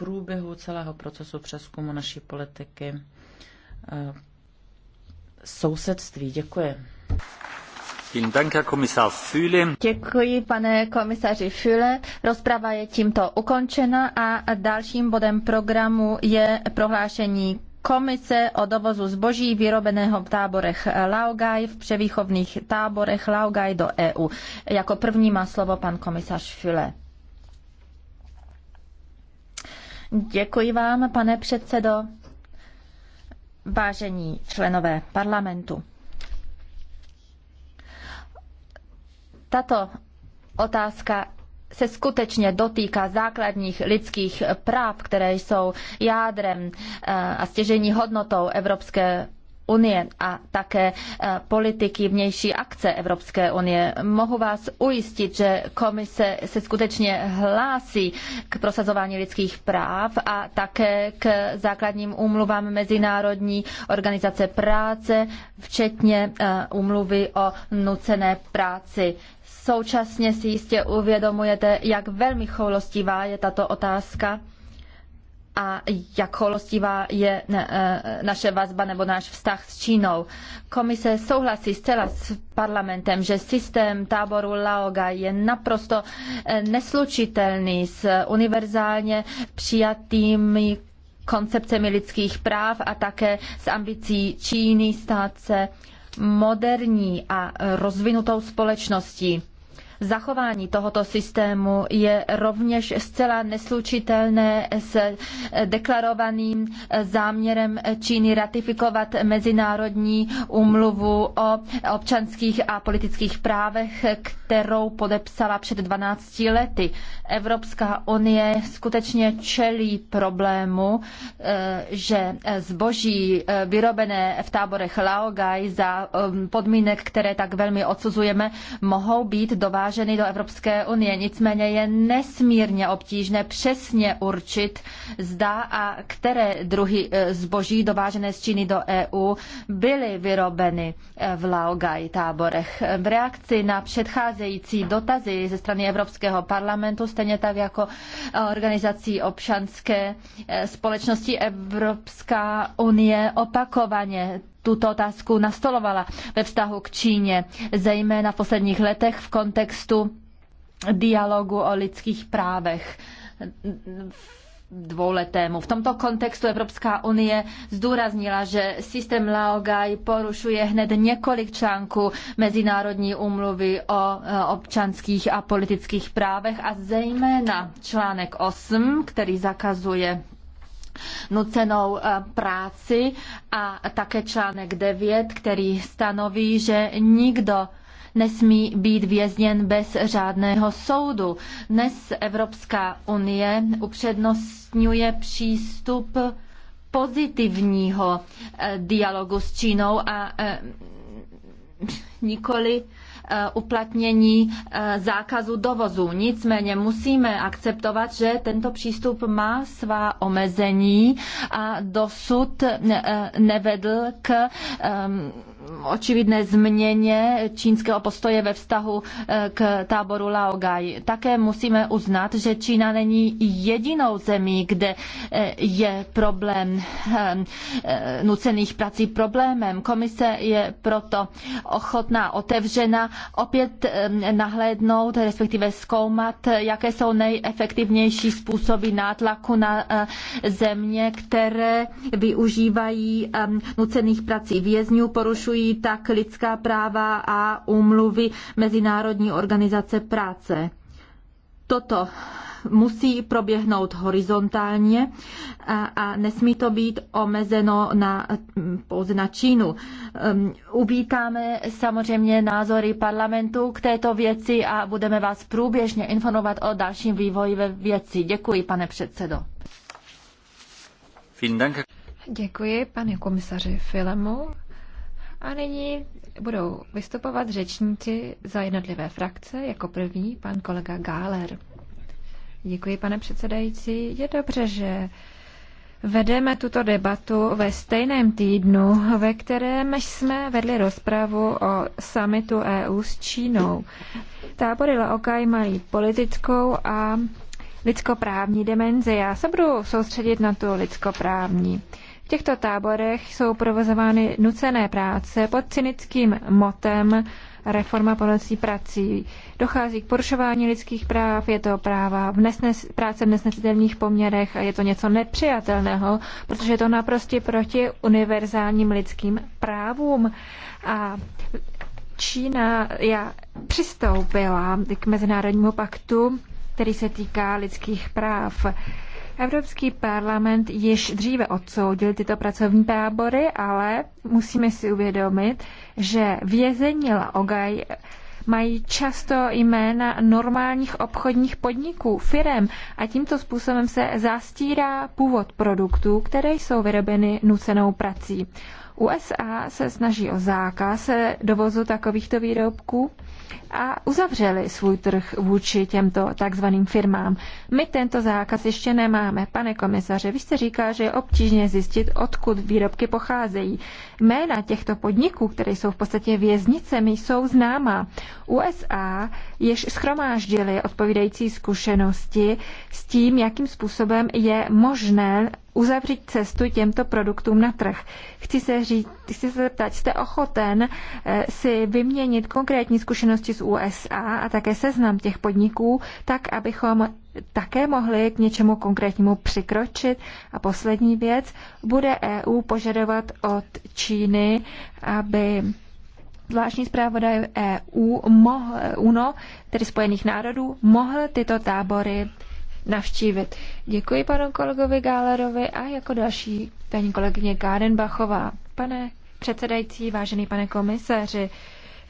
průběhu celého procesu přeskumu naší politiky eh, sousedství. Děkuji. Děkuji, pane komisaři Füle. Rozprava je tímto ukončena a dalším bodem programu je prohlášení Komise o dovozu zboží vyrobeného v táborech Laogaj, v převýchovných táborech Laogaj do EU. Jako první má slovo pan komisař Füle. Děkuji vám, pane předsedo. Vážení členové parlamentu. Tato otázka se skutečně dotýká základních lidských práv, které jsou jádrem eh, a stěžení hodnotou Evropské unie a také eh, politiky vnější akce Evropské unie. Mohu vás ujistit, že komise se skutečně hlásí k prosazování lidských práv a také k základním úmluvám Mezinárodní organizace práce, včetně eh, úmluvy o nucené práci. Současně si jistě uvědomujete, jak velmi choulostivá je tato otázka a jak holostivá je e, naše vazba nebo náš vztah s Čínou. Komise souhlasí zcela s parlamentem, že systém táboru Laoga je naprosto e, neslučitelný s univerzálně přijatými koncepcemi lidských práv a také s ambicí Číny stát se moderní a rozvinutou společností. Zachování tohoto systému je rovněž zcela neslučitelné s deklarovaným záměrem Číny ratifikovat mezinárodní úmluvu o občanských a politických právech, kterou podepsala před 12 lety. Evropská unie skutečně čelí problému, eh, že zboží eh, vyrobené v táborech Laogai za eh, podmínek, které tak velmi odsuzujeme, mohou být dováženy dováženy do Evropské unie. Nicméně je nesmírně obtížné přesně určit, zda a které druhy e, zboží dovážené z Číny do EU byly vyrobeny e, v Laogai táborech. V reakci na předcházející dotazy ze strany Evropského parlamentu, stejně tak jako e, organizací občanské společnosti Evropská unie opakovaně tuto otázku nastolovala ve vztahu k Číně, zejména v posledních letech v kontextu dialogu o lidských právech dvouletému. V tomto kontextu Evropská unie zdůraznila, že systém Laogai porušuje hned několik článků Mezinárodní úmluvy o e, občanských a politických právech a zejména článek 8, který zakazuje nucenou eh, práci a také článek 9, který stanoví, že nikdo nesmí být vězněn bez řádného soudu. Dnes Evropská unie upřednostňuje přístup pozitivního eh, dialogu s Čínou a eh, nikoli Eh, uplatnění eh, zákazu dovozu. Nicméně musíme akceptovat, že tento přístup má svá omezení a dosud eh, nevedl k očividné změně čínského postoje ve vztahu eh, k táboru Laogai. Také musíme uznat, že Čína není jedinou zemí, kde eh, je problém eh, nucených prací problémem. Komise je proto ochotná, otevřena opět nahlédnout, respektive zkoumat, jaké jsou nejefektivnější způsoby nátlaku na země, které využívají nucených prací vězňů, porušují respektují tak lidská práva a úmluvy Mezinárodní organizace práce. Toto musí proběhnout horizontálně a, a nesmí to být omezeno na, pouze na Čínu. Um, uvítáme samozřejmě názory parlamentu k této věci a budeme vás průběžně informovat o dalším vývoji ve věci. Děkuji, pane předsedo. Děkuji, pane komisaři Filemu. A nyní budou vystupovat řečníci za jednotlivé frakce, jako první pan kolega Gáler. Děkuji, pane předsedající. Je dobře, že Vedeme tuto debatu ve stejném týdnu, ve kterém jsme vedli rozpravu o summitu EU s Čínou. Tábory Laokaj mají politickou a lidskoprávní dimenzi. Já se budu soustředit na tu lidskoprávní těchto táborech jsou provozovány nucené práce pod cynickým motem reforma pomocí prací. Dochází k porušování lidských práv, je to práva v nesnes, práce v nesnesitelných poměrech a je to něco nepřijatelného, protože je to naprosto proti univerzálním lidským právům. A Čína já přistoupila k Mezinárodnímu paktu, který se týká lidských práv. Evropský parlament již dříve odsoudil tyto pracovní tábory, ale musíme si uvědomit, že vězení Laogaj mají často jména normálních obchodních podniků, firem a tímto způsobem se zastírá původ produktů, které jsou vyrobeny nucenou prací. USA se snaží o zákaz dovozu takovýchto výrobků a uzavřeli svůj trh vůči těmto takzvaným firmám. My tento zákaz ještě nemáme. Pane komisaře, vy jste říkal, že je obtížně zjistit, odkud výrobky pocházejí. Jména těchto podniků, které jsou v podstatě věznicemi, jsou známá. USA jež schromáždili odpovídající zkušenosti s tím, jakým způsobem je možné uzavřít cestu těmto produktům na trh. Chci se, říct, chci se zeptat, jste ochoten eh, si vyměnit konkrétní zkušenosti USA a také seznam těch podniků, tak abychom také mohli k něčemu konkrétnímu přikročit. A poslední věc, bude EU požadovat od Číny, aby zvláštní zpravodaj EU, mohl, UNO, tedy Spojených národů, mohl tyto tábory navštívit. Děkuji panu kolegovi Gálerovi a jako další paní kolegyně Gárenbachová. Pane předsedající, vážený pane komisaři,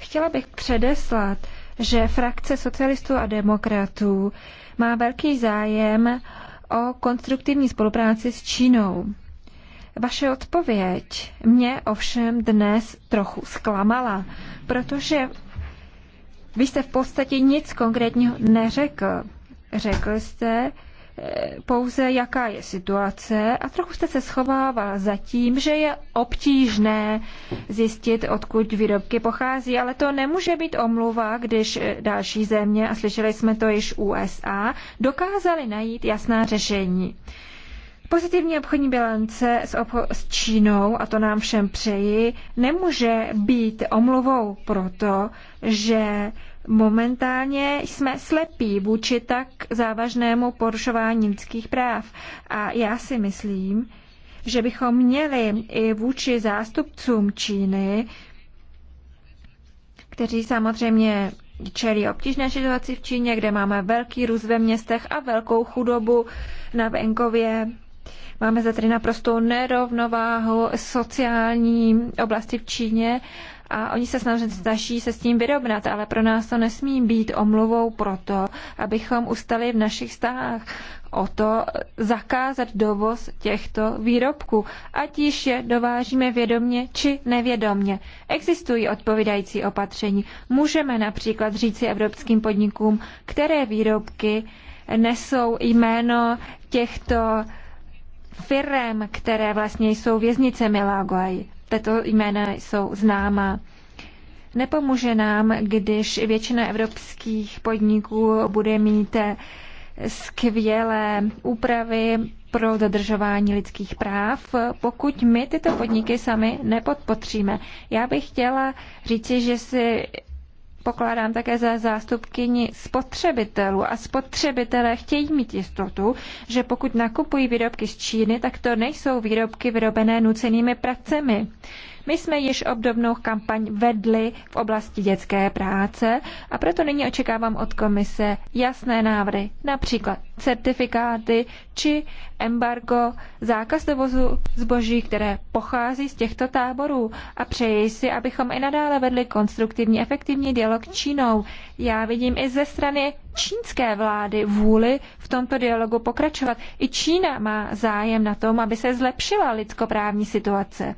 Chtěla bych předeslat, že frakce socialistů a demokratů má velký zájem o konstruktivní spolupráci s Čínou. Vaše odpověď mě ovšem dnes trochu zklamala, protože vy jste v podstatě nic konkrétního neřekl. Řekl jste, pouze, jaká je situace a trochu jste se schovával za tím, že je obtížné zjistit, odkud výrobky pochází, ale to nemůže být omluva, když eh, další země, a slyšeli jsme to již USA, dokázali najít jasná řešení. Pozitivní obchodní bilance s, obcho- s Čínou, a to nám všem přeji, nemůže být omluvou proto, že Momentálně jsme slepí vůči tak závažnému porušování lidských práv a já si myslím, že bychom měli i vůči zástupcům Číny, kteří samozřejmě čelí obtížné situaci v Číně, kde máme velký růst ve městech a velkou chudobu na venkově. Máme za tedy naprostou nerovnováhu sociální oblasti v Číně a oni se snaží se s tím vyrovnat, ale pro nás to nesmí být omluvou proto, abychom ustali v našich stách o to zakázat dovoz těchto výrobků, ať již je dovážíme vědomně či nevědomně. Existují odpovídající opatření. Můžeme například říci evropským podnikům, které výrobky nesou jméno těchto firem, které vlastně jsou věznicemi Lagoaj. Tato jména jsou známá. Nepomůže nám, když většina evropských podniků bude mít skvělé úpravy pro dodržování lidských práv, pokud my tyto podniky sami nepodpotříme. Já bych chtěla říci, že si pokládám také za zástupkyni spotřebitelů a spotřebitelé chtějí mít jistotu, že pokud nakupují výrobky z Číny, tak to nejsou výrobky vyrobené nucenými pracemi. My jsme již obdobnou kampaň vedli v oblasti dětské práce a proto nyní očekávám od komise jasné návrhy, například certifikáty či embargo, zákaz dovozu zboží, které pochází z těchto táborů a přeji si, abychom i nadále vedli konstruktivní, efektivní dialog Čínou. Já vidím i ze strany čínské vlády vůli v tomto dialogu pokračovat. I Čína má zájem na tom, aby se zlepšila lidskoprávní situace.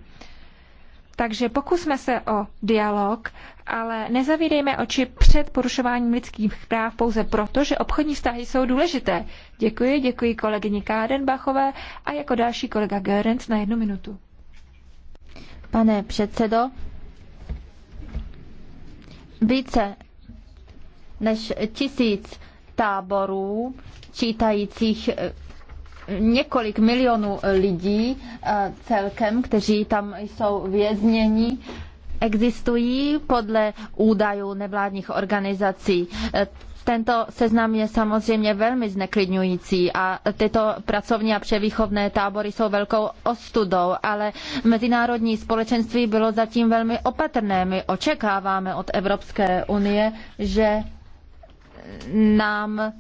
Takže pokusme se o dialog, ale nezavídejme oči před porušováním lidských práv pouze proto, že obchodní vztahy jsou důležité. Děkuji, děkuji kolegyni Kádenbachové a jako další kolega Görenc na jednu minutu. Pane předsedo, více než tisíc táborů čítajících několik milionů lidí eh, celkem, kteří tam jsou vězněni existují podle údajů nevládních organizací. Eh, tento seznam je samozřejmě velmi zneklidňující a tyto pracovní a převýchovné tábory jsou velkou ostudou, ale mezinárodní společenství bylo zatím velmi opatrné. My očekáváme od Evropské unie, že nám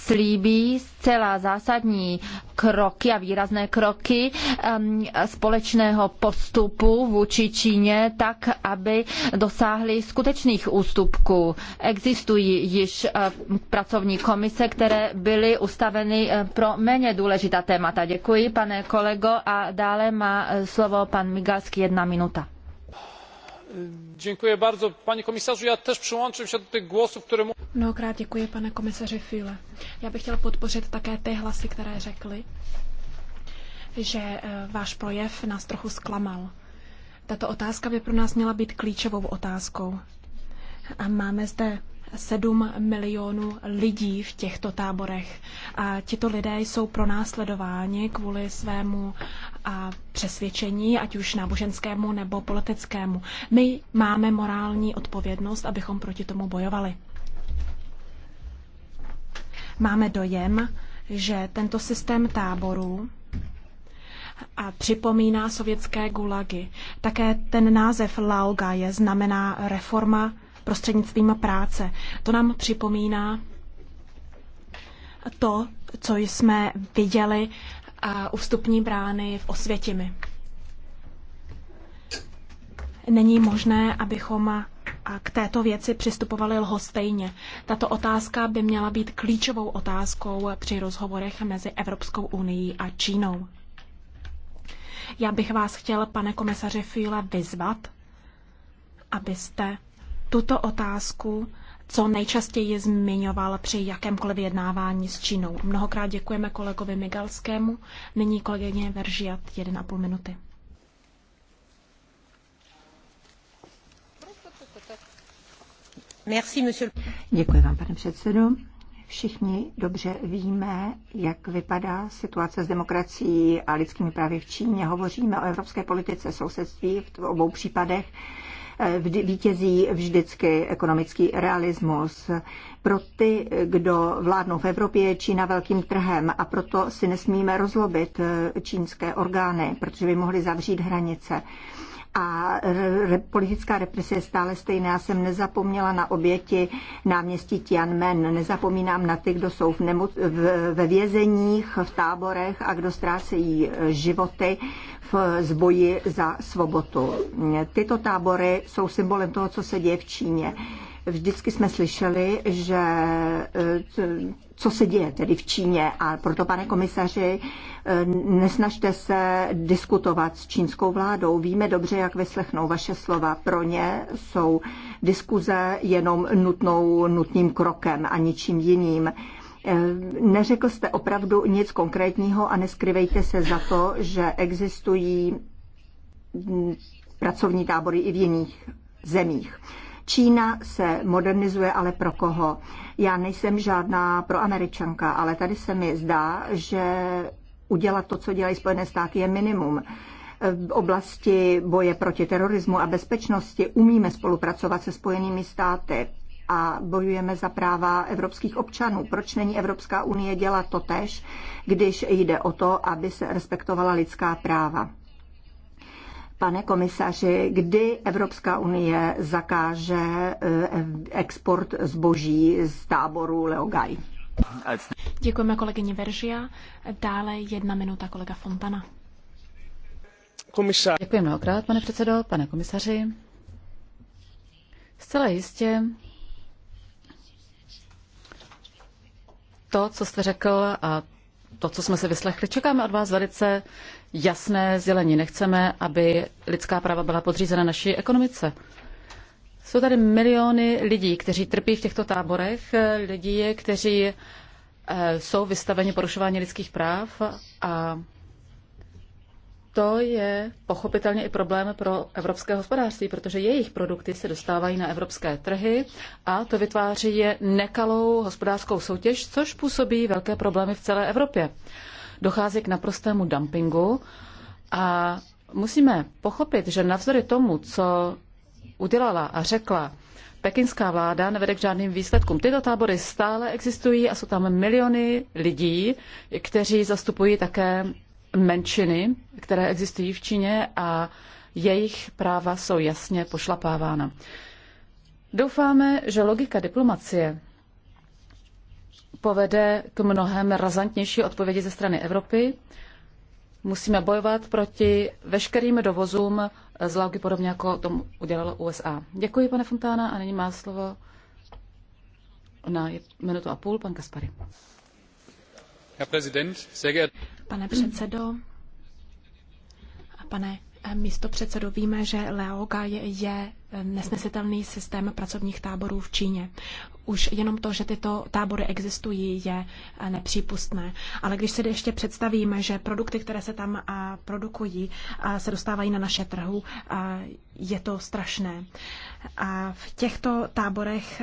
slíbí zcela zásadní kroky a výrazné kroky společného postupu vůči Číně, tak aby dosáhli skutečných ústupků. Existují již pracovní komise, které byly ustaveny pro méně důležitá témata. Děkuji, pane kolego, a dále má e, slovo pan Migalský jedna minuta. Dziękuję bardzo. Panie komisarzu, ja też przyłączam się do tych głosów, które... Mnohokrát děkuji, pane komisaři Füle. Já bych chtěl podpořit také ty hlasy, které řekly, že eh, váš projev nás trochu zklamal. Tato otázka by pro nás měla být klíčovou otázkou. A máme zde 7 milionů lidí v těchto táborech. A tito lidé jsou pronásledováni kvůli svému a přesvědčení, ať už náboženskému nebo politickému. My máme morální odpovědnost, abychom proti tomu bojovali. Máme dojem, že tento systém táborů a připomíná sovětské gulagy. Také ten název Lauga je znamená reforma prostřednictvím práce. To nám připomíná to, co jsme viděli u vstupní brány v Osvětimi. Není možné, abychom k této věci přistupovali lhostejně. Tato otázka by měla být klíčovou otázkou při rozhovorech mezi Evropskou unii a Čínou. Já bych vás chtěl, pane komisaři Fíle, vyzvat, abyste tuto otázku co nejčastěji zmiňoval při jakémkoliv jednávání s Čínou. Mnohokrát děkujeme kolegovi Migalskému, nyní kolegyně Veržiat 1,5 minuty. Děkuji vám, pane předsedo. Všichni dobře víme, jak vypadá situace s demokracií a lidskými právy v Číně. Hovoříme o evropské politice sousedství v obou případech eh, vítězí vždycky ekonomický realismus. Pro ty, kdo vládnou v Evropě, je Čína velkým trhem a proto si nesmíme rozlobit eh, čínské orgány, protože by mohly zavřít hranice a re, politická represe je stále stejná. Já jsem nezapomněla na oběti náměstí Tianmen, nezapomínám na ty, kdo jsou v nemo, v, ve vězeních, v táborech a kdo ztrácejí e, životy v zboji za svobodu. Tyto tábory jsou symbolem toho, co se děje v Číně. Vždycky jsme slyšeli, že e, co se děje tedy v Číně a proto, pane komisaři, e, nesnažte se diskutovat s čínskou vládou. Víme dobře, jak vyslechnou vaše slova. Pro ně jsou diskuze jenom nutnou, nutným krokem a ničím jiným. E, neřekl jste opravdu nic konkrétního a neskryvejte se za to, že existují pracovní tábory i v jiných zemích. Čína se modernizuje, ale pro koho? Já nejsem žádná proameričanka, ale tady se mi zdá, že udělat to, co dělají Spojené státy, je minimum v oblasti boje proti terorismu a bezpečnosti umíme spolupracovat se Spojenými státy a bojujeme za práva evropských občanů. Proč není Evropská unie dělat to tež, když jde o to, aby se respektovala lidská práva? Pane komisaři, kdy Evropská unie zakáže eh, export zboží z táboru Leogaj? Děkujeme kolegyni Veržia. Dále jedna minuta kolega Fontana. Komisař. Děkuji mnohokrát, pane předsedo, pane komisaři. Zcela jistě to, co jste řekl a to, co jsme si vyslechli. Čekáme od vás velice jasné sdělení. Nechceme, aby lidská práva byla podřízena naší ekonomice. Jsou tady miliony lidí, kteří trpí v těchto táborech, lidí, kteří eh, jsou vystaveni porušování lidských práv a to je pochopitelně i problém pro evropské hospodářství, protože jejich produkty se dostávají na evropské trhy a to vytváří je nekalou hospodářskou soutěž, což působí velké problémy v celé Evropě. Dochází k naprostému dumpingu a musíme pochopit, že navzdory tomu, co udělala a řekla pekinská vláda, nevede k žádným výsledkům. Tyto tábory stále existují a jsou tam miliony lidí, kteří zastupují také menšiny, které existují v Číně a jejich práva jsou jasně pošlapávána. Doufáme, že logika diplomacie povede k mnohem razantnější odpovědi ze strany Evropy. Musíme bojovat proti veškerým dovozům z Lauky, podobně jako tomu udělalo USA. Děkuji, pane Fontána, a nyní má slovo na minutu a půl pan Kaspary. Herr Präsident, sehr geehrte Pane předsedo, a pane eh, místo předsedo, víme, že Leoga je, je nesnesitelný systém pracovních táborů v Číně. Už jenom to, že tyto tábory existují, je eh, nepřípustné. Ale když si ještě představíme, že produkty, které se tam eh, produkují, se dostávají na naše trhu, je to strašné. V těchto táborech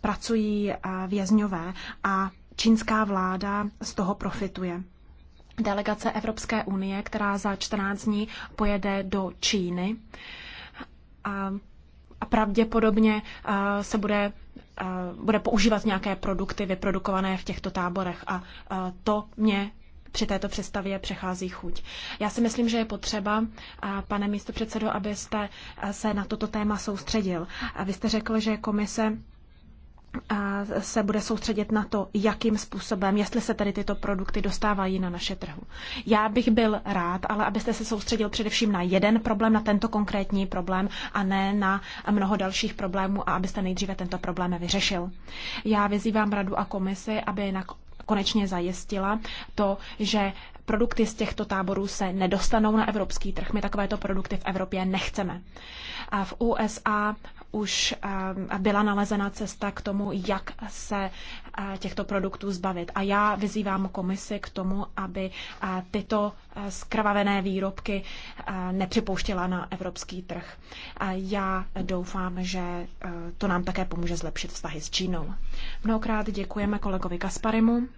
pracují vězňové a čínská vláda z toho profituje delegace Evropské unie, která za 14 dní pojede do Číny. A, a pravděpodobně a, se bude, a, bude používat nějaké produkty vyprodukované v těchto táborech. A, a to mě při této představě přechází chuť. Já si myslím, že je potřeba, pane místopředsedo, abyste se na toto téma soustředil. Vy jste řekl, že komise se bude soustředit na to, jakým způsobem, jestli se tedy tyto produkty dostávají na naše trhu. Já bych byl rád, ale abyste se soustředil především na jeden problém, na tento konkrétní problém a ne na mnoho dalších problémů a abyste nejdříve tento problém vyřešil. Já vyzývám radu a komisi, aby na konečně zajistila to, že produkty z těchto táborů se nedostanou na evropský trh. My takovéto produkty v Evropě nechceme. A v USA už eh, byla nalezena cesta k tomu, jak se eh, těchto produktů zbavit. A já vyzývám komisi k tomu, aby eh, tyto skrvavené výrobky nepřipouštěla na evropský trh. A já doufám, že to nám také pomůže zlepšit vztahy s Čínou. Mnohokrát děkujeme kolegovi Kasparimu.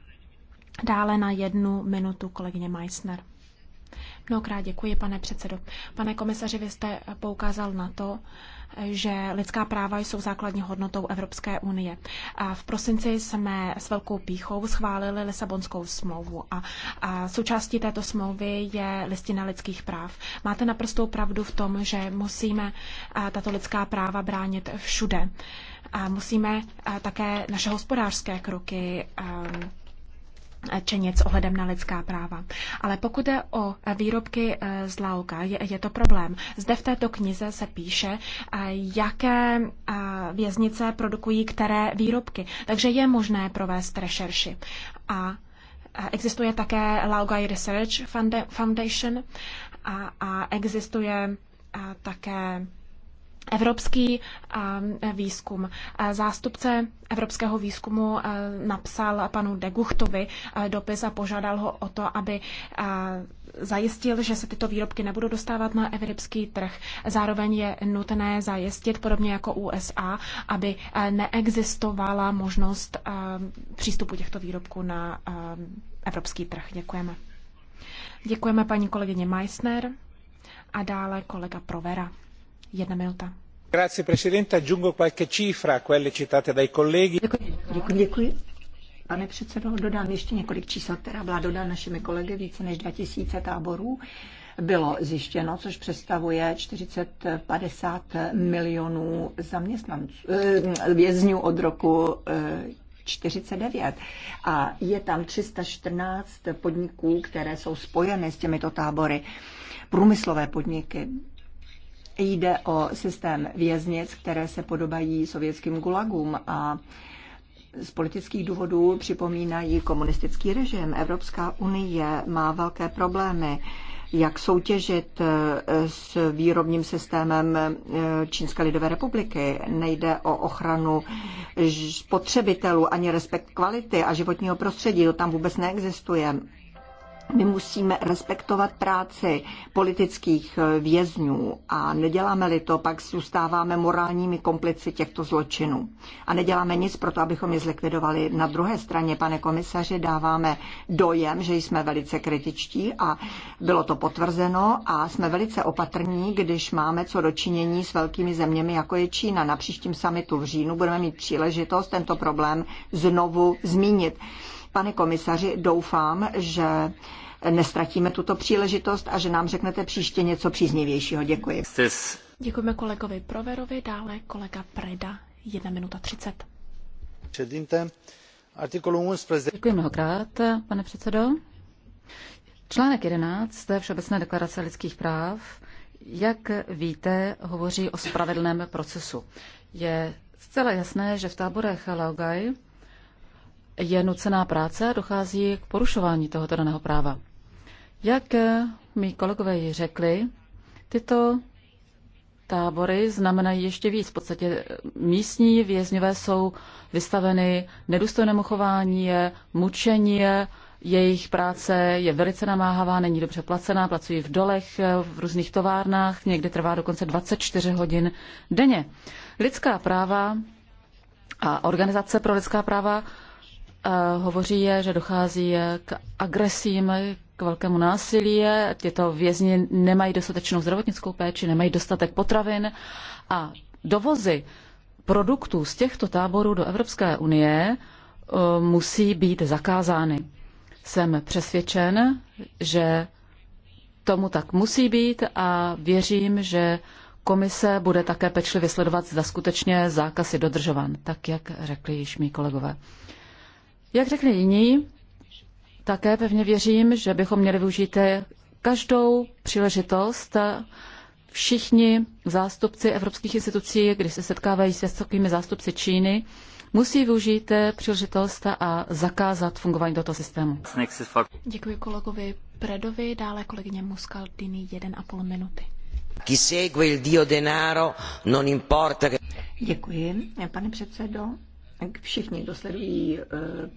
Dále na jednu minutu kolegyně Meissner. Mnohokrát děkuji, pane předsedo. Pane komisaři, vy jste poukázal na to, že lidská práva jsou základní hodnotou Evropské unie. A v prosinci jsme s velkou píchou schválili Lisabonskou smlouvu a, a součástí této smlouvy je listina lidských práv. Máte naprostou pravdu v tom, že musíme tato lidská práva bránit všude. A musíme také naše hospodářské kroky činit s ohledem na lidská práva. Ale pokud je o výrobky eh, z Laoka, je, je to problém. Zde v této knize se píše, eh, jaké eh, věznice produkují které výrobky. Takže je možné provést rešerši. A existuje také Laogai Research Foundation a, a existuje také Evropský eh, výzkum. Eh, zástupce evropského výzkumu eh, napsal panu Deguchtovi dopis a požádal ho o to, aby zajistil, že se tyto výrobky nebudou dostávat na evropský trh. Zároveň je nutné zajistit, podobně jako USA, aby neexistovala možnost přístupu těchto výrobků na evropský trh. Děkujeme. Děkujeme paní kolegyně Meissner a dále kolega Provera. Jedna minuta. Grazie Presidente, aggiungo qualche cifra, quelle citate dai colleghi. Děkuji. Děkuji. Děkuji. Pane předsedo, dodám ještě několik čísel, která byla dodána našimi kolegy, více než 2000 táborů bylo zjištěno, což představuje 40-50 milionů zaměstnanců, eh, vězňů od roku 49. Eh, a je tam 314 podniků, které jsou spojeny s těmito tábory. Průmyslové podniky, Jde o systém věznic, které se podobají sovětským gulagům a z politických důvodů připomínají komunistický režim. Evropská unie má velké problémy, jak soutěžit eh, s výrobním systémem eh, Čínské lidové republiky. Nejde o ochranu spotřebitelů ani respekt kvality a životního prostředí. To tam vůbec neexistuje my musíme respektovat práci politických eh, vězňů a neděláme-li to, pak zůstáváme morálními komplici těchto zločinů. A neděláme nic pro to, abychom je zlikvidovali. Na druhé straně, pane komisaři, dáváme dojem, že jsme velice kritičtí a bylo to potvrzeno a jsme velice opatrní, když máme co dočinění s velkými zeměmi, jako je Čína. Na příštím samitu v říjnu budeme mít příležitost tento problém znovu zmínit. Pane komisaři, doufám, že nestratíme tuto příležitost a že nám řeknete příště něco příznivějšího. Děkuji. Děkujeme kolegovi Proverovi, dále kolega Preda, 1 minuta 30. Děkuji mnohokrát, pane předsedo. Článek 11 Všeobecné deklarace lidských práv, jak víte, hovoří o spravedlném procesu. Je zcela jasné, že v táborech Laogai je nucená práce a dochází k porušování tohoto daného práva. Jak eh, mi kolegové ji řekli, tyto tábory znamenají ještě víc. V podstatě eh, místní vězňové jsou vystaveny nedůstojnému chování, je, mučení, je, jejich práce je velice namáhavá, není dobře placená, pracují v dolech, eh, v různých továrnách, někdy trvá dokonce 24 hodin denně. Lidská práva a organizace pro lidská práva hovoří, je, že dochází k agresím, k velkému násilí. Tyto vězni nemají dostatečnou zdravotnickou péči, nemají dostatek potravin a dovozy produktů z těchto táborů do Evropské unie eh, musí být zakázány. Jsem přesvědčen, že tomu tak musí být a věřím, že komise bude také pečlivě sledovat, zda skutečně zákaz je dodržován, tak jak řekli již mý kolegové. Jak řekli jiní, také pevně věřím, že bychom měli využít každou příležitost všichni zástupci evropských institucí, když se setkávají s vysokými zástupci Číny, musí využít příležitost a zakázat fungování tohoto systému. Děkuji kolegovi Predovi, dále kolegyně Muscaldini 1,5 minuty. Chi segue il dio denaro non importa Děkuji, pane předsedo. Všichni, kdo sledují eh,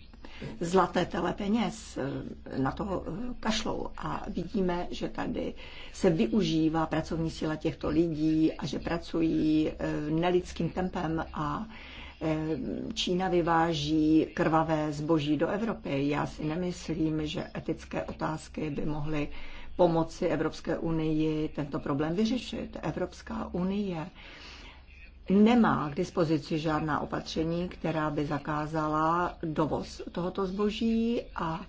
zlaté tele peněz, eh, na to eh, kašlou a vidíme, že tady se využívá pracovní síla těchto lidí a že pracují eh, nelidským tempem a Čína vyváží krvavé zboží do Evropy. Já si nemyslím, že etické otázky by mohly pomoci Evropské unii tento problém vyřešit. Evropská unie nemá k dispozici žádná opatření, která by zakázala dovoz tohoto zboží a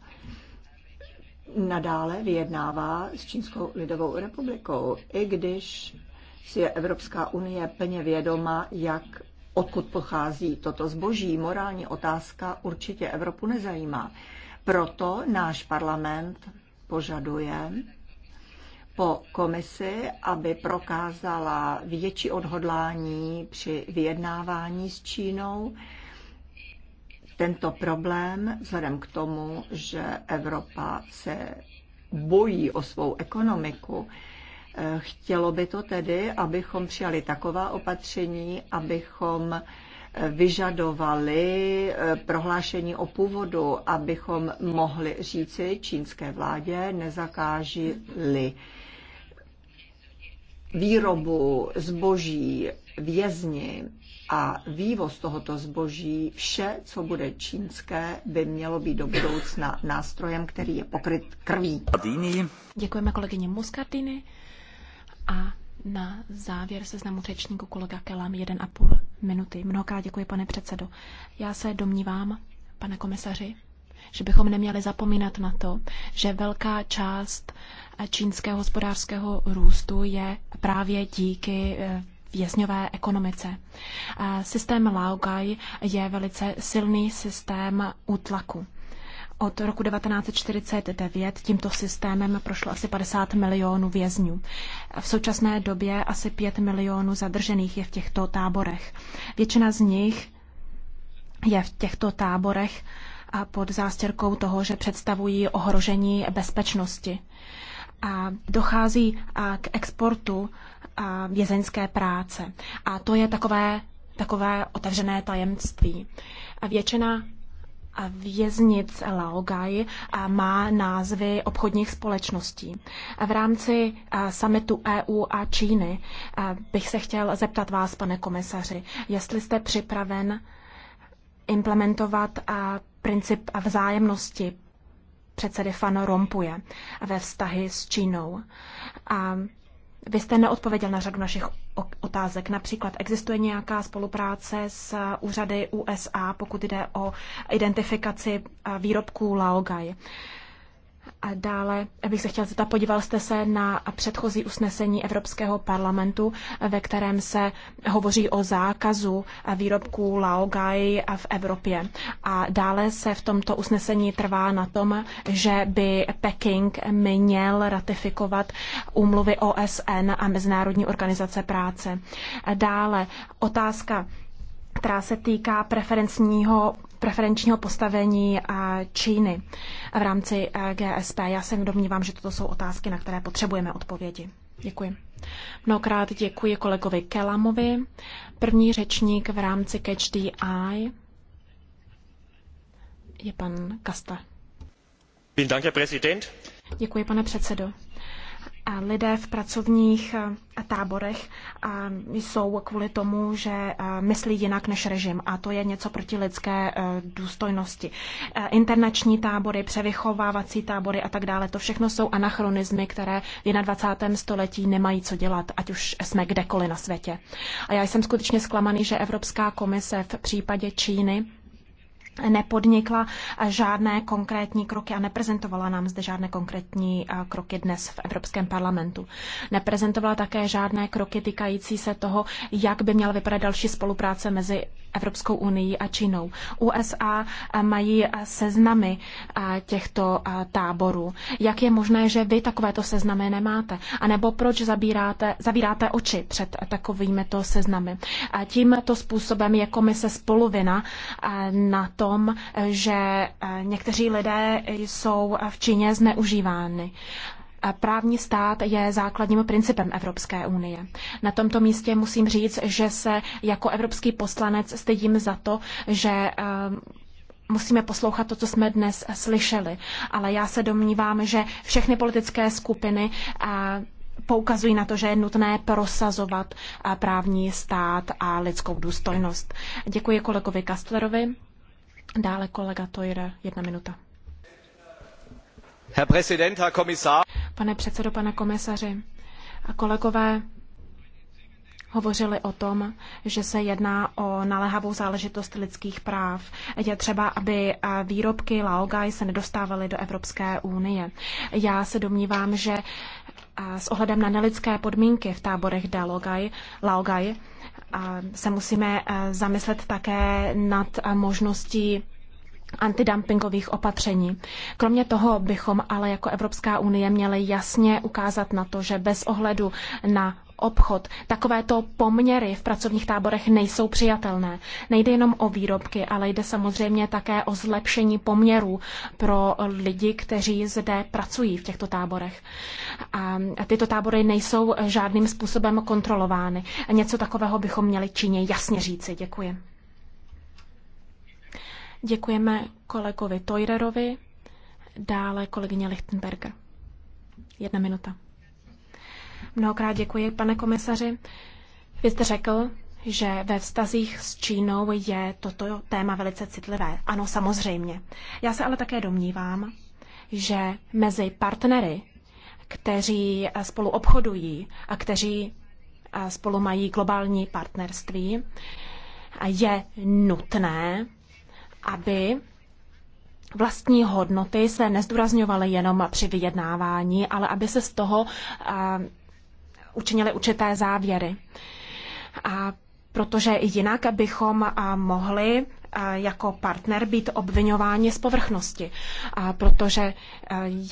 nadále vyjednává s Čínskou lidovou republikou, i když si je Evropská unie plně vědoma, jak odkud pochází toto zboží. Morální otázka určitě Evropu nezajímá. Proto náš parlament požaduje po komisi, aby prokázala větší odhodlání při vyjednávání s Čínou. Tento problém, vzhledem k tomu, že Evropa se bojí o svou ekonomiku, chtělo by to tedy, abychom přijali taková opatření, abychom vyžadovali eh, prohlášení o původu, abychom mohli říci čínské vládě nezakážili výrobu zboží, vězni a vývoz tohoto zboží, vše, co bude čínské, by mělo být do budoucna nástrojem, který je pokryt krví. Děkujeme kolegyně Muscardini a na závěr seznamu řečníku kolega Kelam 1,5 minuty. Mnohokrát děkuji, pane předsedo. Já se domnívám, pane komisaři, že bychom neměli zapomínat na to, že velká část uh, čínského hospodářského růstu je právě díky eh, vězňové ekonomice. Systém Laogai je velice silný systém útlaku. Od roku 1949 tímto systémem prošlo asi 50 milionů vězňů. V současné době asi 5 milionů zadržených je v těchto táborech. Většina z nich je v těchto táborech a pod zástěrkou toho, že představují ohrožení bezpečnosti dochází k exportu vězeňské práce. A to je takové, takové otevřené tajemství. Většina věznic Laogai má názvy obchodních společností. V rámci summitu EU a Číny bych se chtěl zeptat vás, pane komisaři, jestli jste připraven implementovat princip vzájemnosti předsedy Fano Rompuje ve vztahy s Čínou. A vy jste neodpověděl na řadu našich otázek. Například existuje nějaká spolupráce s úřady USA, pokud jde o identifikaci výrobků Laogai. A dále bych se chtěla zeptat, podíval jste se na předchozí usnesení Evropského parlamentu, ve kterém se hovoří o zákazu výrobků Laogai v Evropě. A dále se v tomto usnesení trvá na tom, že by Peking měl ratifikovat úmluvy OSN a Mezinárodní organizace práce. A dále otázka která se týká preferenčního preferenčního postavení Číny v rámci GSP. Já se domnívám, že toto jsou otázky, na které potřebujeme odpovědi. Děkuji. Mnohokrát děkuji kolegovi Kelamovi. První řečník v rámci Catch the Eye je pan Kasta. Děkuji, pane předsedo lidé v pracovních eh, táborech eh, jsou kvůli tomu, že eh, myslí jinak než režim a to je něco proti lidské důstojnosti. Internační tábory, převychovávací tábory a tak dále, to všechno jsou anachronizmy, které v 21. století nemají co dělat, ať už jsme kdekoliv na světě. A já jsem skutečně zklamaný, že Evropská komise v případě Číny nepodnikla žádné konkrétní kroky a neprezentovala nám zde žádné konkrétní eh, kroky dnes v Evropském parlamentu. Neprezentovala také žádné kroky týkající se toho, jak by měla vypadat další spolupráce mezi Evropskou unii a Čínou. USA eh, mají eh, seznamy těchto táborů. Jak je možné, že vy takovéto seznamy nemáte? A nebo proč zabíráte, zabíráte oči před takovými to seznamy? Tímto způsobem je komise spoluvina na to, tom, že eh, někteří lidé jsou v Číně zneužívány. Právní stát je základním principem Evropské unie. Na tomto místě musím říct, že se jako evropský poslanec stydím za to, že eh, musíme poslouchat to, co jsme dnes slyšeli. Ale já se domnívám, že všechny politické skupiny eh, poukazují na to, že je nutné prosazovat právní stát a lidskou důstojnost. Děkuji kolegovi Kastlerovi. Dále kolega Tojra, jedna minuta. Herr Präsident, Herr Kommissar. Pane předsedo, pane komisaři a kolegové, hovořili o tom, že se jedná o naléhavou záležitost lidských práv. Je třeba, aby výrobky Laogai se nedostávaly do Evropské unie. Já se domnívám, že s ohledem na nelidské podmínky v táborech Dalogaj, Laogaj se musíme e, zamyslet také nad e, možností antidumpingových opatření. Kromě toho bychom ale jako Evropská unie měli jasně ukázat na to, že bez ohledu na obchod. Takovéto poměry v pracovních táborech nejsou přijatelné. Nejde jenom o výrobky, ale jde samozřejmě také o zlepšení poměrů pro lidi, kteří zde pracují v těchto táborech. A tyto tábory nejsou žádným způsobem kontrolovány. Něco takového bychom měli Číně jasně říci. Děkuji. Děkujeme kolegovi Toirerovi, dále kolegyně Lichtenberger. Jedna minuta. Mnohokrát děkuji, pane komisaři. Vy jste řekl, že ve vztazích s Čínou je toto téma velice citlivé. Ano, samozřejmě. Já se ale také domnívám, že mezi partnery, kteří spolu obchodují a kteří spolu mají globální partnerství, je nutné, aby vlastní hodnoty se nezdůrazňovaly jenom při vyjednávání, ale aby se z toho učinili určité závěry. A protože jinak bychom mohli jako partner být obvinováni z povrchnosti, a protože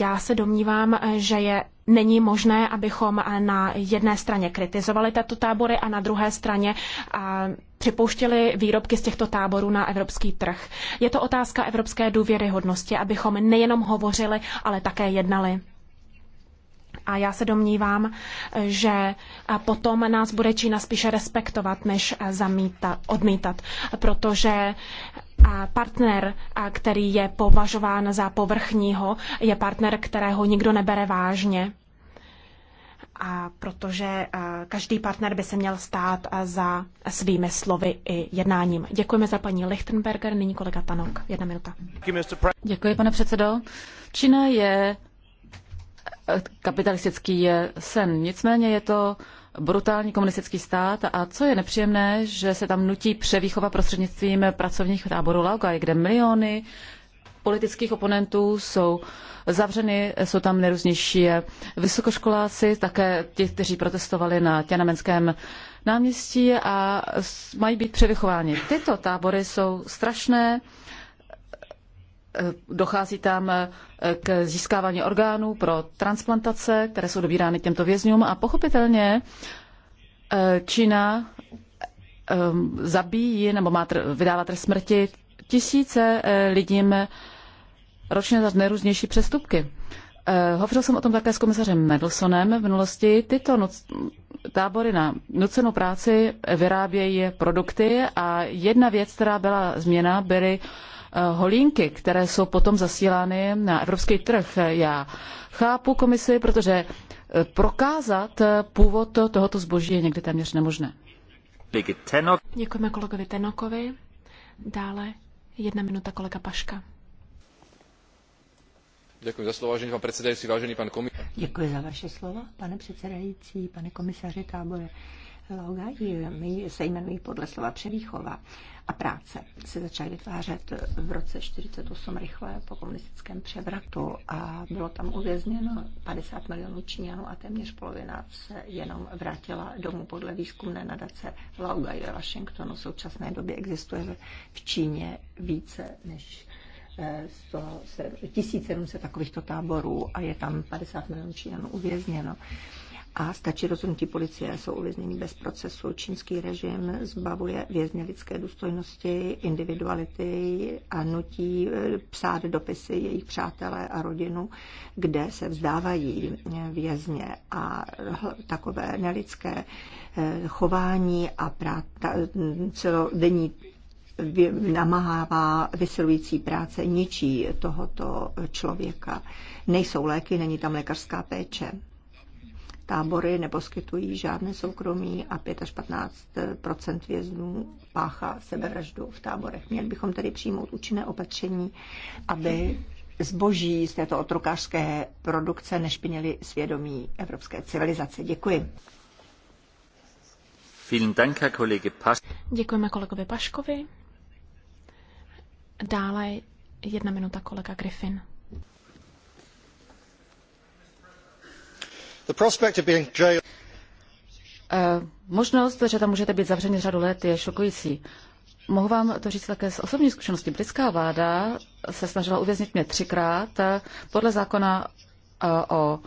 já se domnívám, že je není možné, abychom na jedné straně kritizovali tato tábory a na druhé straně připouštěli výrobky z těchto táborů na evropský trh. Je to otázka evropské důvěryhodnosti, abychom nejenom hovořili, ale také jednali. A já se domnívám, že potom nás bude Čína spíše respektovat, než zamítat, odmítat, protože partner, který je považován za povrchního, je partner, kterého nikdo nebere vážně. A protože každý partner by se měl stát za svými slovy i jednáním. Děkujeme za paní Lichtenberger, nyní kolega Tanok. Jedna minuta. Děkuji, pane předsedo. Čína je kapitalistický sen. Nicméně je to brutální komunistický stát a co je nepříjemné, že se tam nutí převýchova prostřednictvím pracovních táborů Laogai, kde miliony politických oponentů jsou zavřeny, jsou tam nejrůznější vysokoškoláci, také ti, kteří protestovali na Těnamenském náměstí a mají být převychováni. Tyto tábory jsou strašné, Eh, dochází tam eh, k získávání orgánů pro transplantace, které jsou dobírány těmto vězňům a pochopitelně eh, Čína zabíjí nebo má tr- trest smrti tisíce lidím ročně za nejrůznější přestupky. Hovořil jsem o tom také s komisařem Medlsonem V minulosti tyto noc, tábory na nucenou práci vyrábějí produkty a jedna věc, která byla změna, byly uh, Eh, holínky, které jsou potom zasílány na evropský trh. Já chápu komisi, protože eh, prokázat eh, původ tohoto zboží je někdy téměř nemožné. Děkujeme kolegovi Tenokovi. Dále jedna minuta kolega Paška. Děkuji za slovo, vážený pan předsedající, vážený pan komisař. Děkuji za vaše slova, pane předsedající, pane komisaři Tábore my se jmenují podle slova převýchova a práce se začaly vytvářet v roce 1948 rychle po komunistickém převratu a bylo tam uvězněno 50 milionů Číňanů a téměř polovina se jenom vrátila domů podle výzkumné nadace Lauga ve Washingtonu. V současné době existuje v Číně více než 100, eh, 1700 takovýchto táborů a je tam 50 milionů Číňanů uvězněno a stačí rozhodnutí policie, jsou uvězněni bez procesu. Čínský režim zbavuje vězně lidské důstojnosti, individuality a nutí eh, psát dopisy jejich přátelé a rodinu, kde se vzdávají eh, vězně a takové nelidské eh, chování a práta mm, celodenní namahává vysilující práce ničí tohoto člověka. Nejsou léky, není tam lékařská péče Tábory neposkytují žádné soukromí a 5 až 15 vězňů páchá sebevraždu v táborech. Měli bychom tedy přijmout účinné opatření, aby zboží z této otrokářské produkce nešpinili svědomí evropské civilizace. Děkuji. Děkujeme kolegovi Paškovi. Dále jedna minuta kolega Griffin. Eh, možnost, že tam můžete být zavřeni řadu let, je šokující. Mohu vám to říct také z osobní zkušenosti. Britská vláda se snažila uvěznit mě třikrát eh, podle zákona eh, o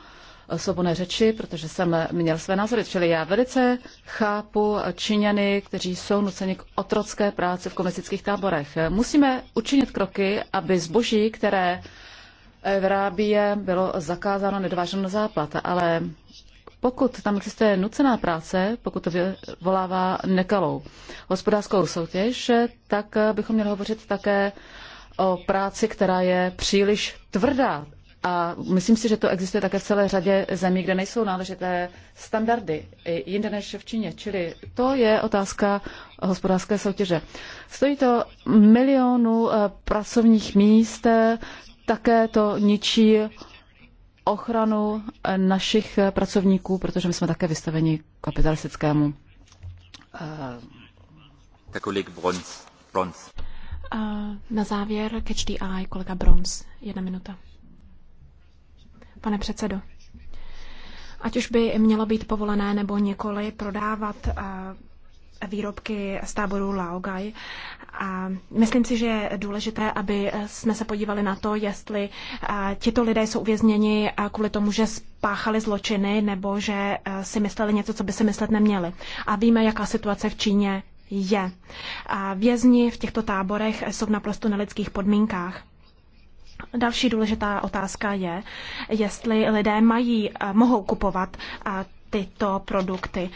svobodné řeči, protože jsem měl své názory. Čili já velice chápu Číňany, kteří jsou nuceni k otrocké práci v komunistických táborech. Musíme učinit kroky, aby zboží, které Evrábie bylo zakázáno nedováženo záplat, ale pokud tam existuje nucená práce, pokud to vyvolává nekalou hospodářskou soutěž, tak bychom měli hovořit také o práci, která je příliš tvrdá. A myslím si, že to existuje také v celé řadě zemí, kde nejsou náležité standardy, jinde než v Číně. Čili to je otázka hospodářské soutěže. Stojí to milionů eh, pracovních míst, také to ničí ochranu eh, našich eh, pracovníků, protože my jsme také vystaveni kapitalistickému. Uh, Na závěr ke HDI kolega Brons. Jedna minuta. Pane předsedo, ať už by mělo být povolené nebo nikoli prodávat výrobky z táboru Laogai. A myslím si, že je důležité, aby jsme se podívali na to, jestli tito lidé jsou uvězněni kvůli tomu, že spáchali zločiny nebo že si mysleli něco, co by si myslet neměli. A víme, jaká situace v Číně je. A vězni v těchto táborech jsou naprosto na lidských podmínkách. Další důležitá otázka je, jestli lidé mají, mohou kupovat tyto produkty.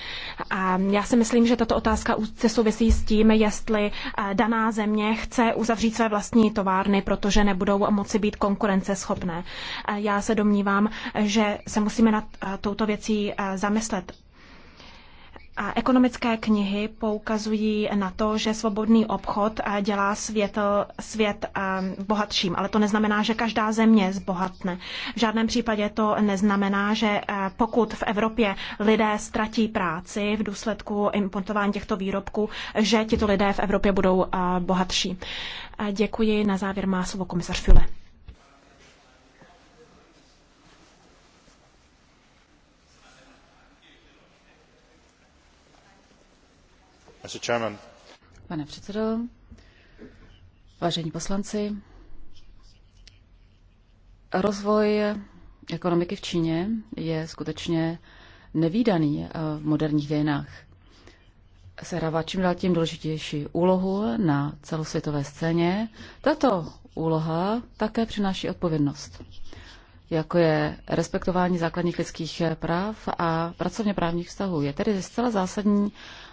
Já si myslím, že tato otázka se souvisí s tím, jestli daná země chce uzavřít své vlastní továrny, protože nebudou moci být konkurenceschopné. Já se domnívám, že se musíme nad touto věcí zamyslet. Ekonomické knihy poukazují na to, že svobodný obchod eh, dělá svět, eh, svět eh, bohatším, ale to neznamená, že každá země zbohatne. V žádném případě to neznamená, že pokud v Evropě lidé ztratí práci v důsledku importování těchto výrobků, že tito lidé v Evropě budou bohatší. Děkuji. Na závěr má slovo komisař Fule. Pane předsedo, vážení poslanci, rozvoj ekonomiky v Číně je skutečně nevýdaný eh, v moderních dějinách. Sehrává čím dál tím důležitější úlohu na celosvětové scéně. Tato úloha také přináší odpovědnost, jako je respektování základních lidských práv a pracovně právních vztahů. Je tedy zcela zásadní,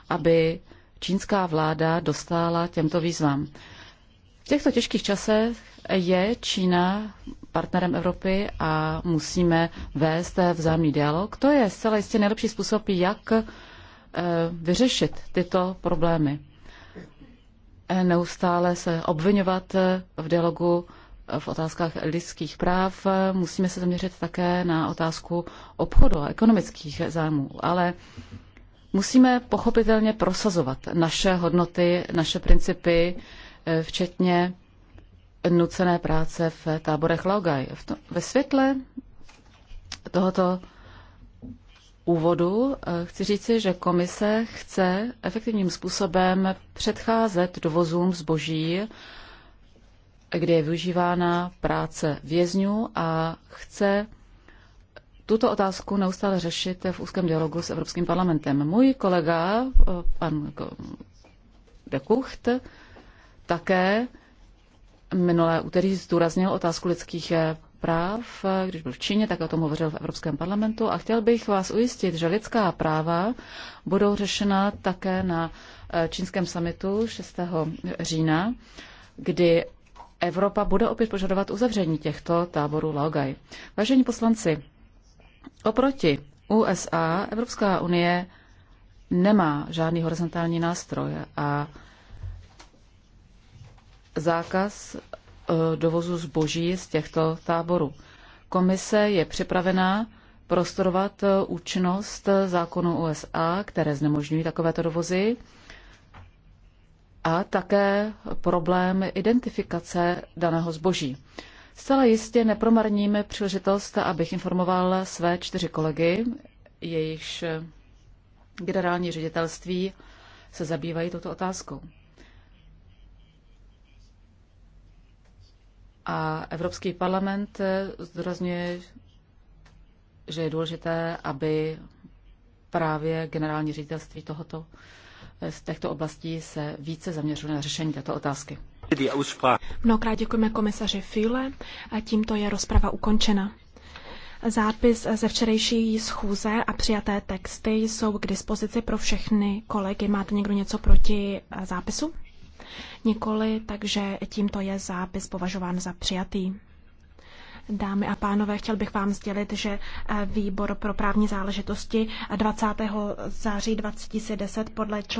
aby čínská vláda dostala těmto výzvám. V těchto těžkých časech je Čína partnerem Evropy a musíme vést vzájemný dialog. To je zcela jistě nejlepší způsob, jak eh, vyřešit tyto problémy. Eh, neustále se obvinovat eh, v dialogu v otázkách lidských práv. Musíme se zaměřit také na otázku obchodu a ekonomických zájmů. Ale Musíme pochopitelně prosazovat naše hodnoty, naše principy, eh, včetně nucené práce v táborech Laogai. Ve světle tohoto úvodu eh, chci říci, že komise chce efektivním způsobem předcházet dovozům zboží, kde je využívána práce vězňů a chce tuto otázku neustále řešit v úzkém dialogu s Evropským parlamentem. Můj kolega, eh, pan de Kucht, také minulé úterý zdůraznil otázku lidských eh, práv, když byl v Číně, tak o tom hovořil v Evropském parlamentu a chtěl bych vás ujistit, že lidská práva budou řešena také na eh, čínském samitu 6. října, kdy Evropa bude opět požadovat uzavření těchto táborů Laogai. Vážení poslanci, Oproti USA Evropská unie nemá žádný horizontální nástroj a zákaz eh, dovozu zboží z těchto táborů. Komise je připravená prostorovat eh, účinnost zákonu USA, které znemožňují takovéto dovozy, a také problém identifikace daného zboží. Zcela jistě nepromarním příležitost, abych informoval své čtyři kolegy, jejichž generální ředitelství se zabývají touto otázkou. A Evropský parlament zdůrazňuje, že je důležité, aby právě generální ředitelství tohoto z těchto oblastí se více zaměřilo na řešení této otázky. Mnohokrát děkujeme komisaři File a tímto je rozprava ukončena. Zápis ze včerejší schůze a přijaté texty jsou k dispozici pro všechny kolegy. Máte někdo něco proti zápisu? Nikoli, takže tímto je zápis považován za přijatý. Dámy a pánové, chtěl bych vám sdělit, že výbor pro právní záležitosti 20. září 2010 podle článku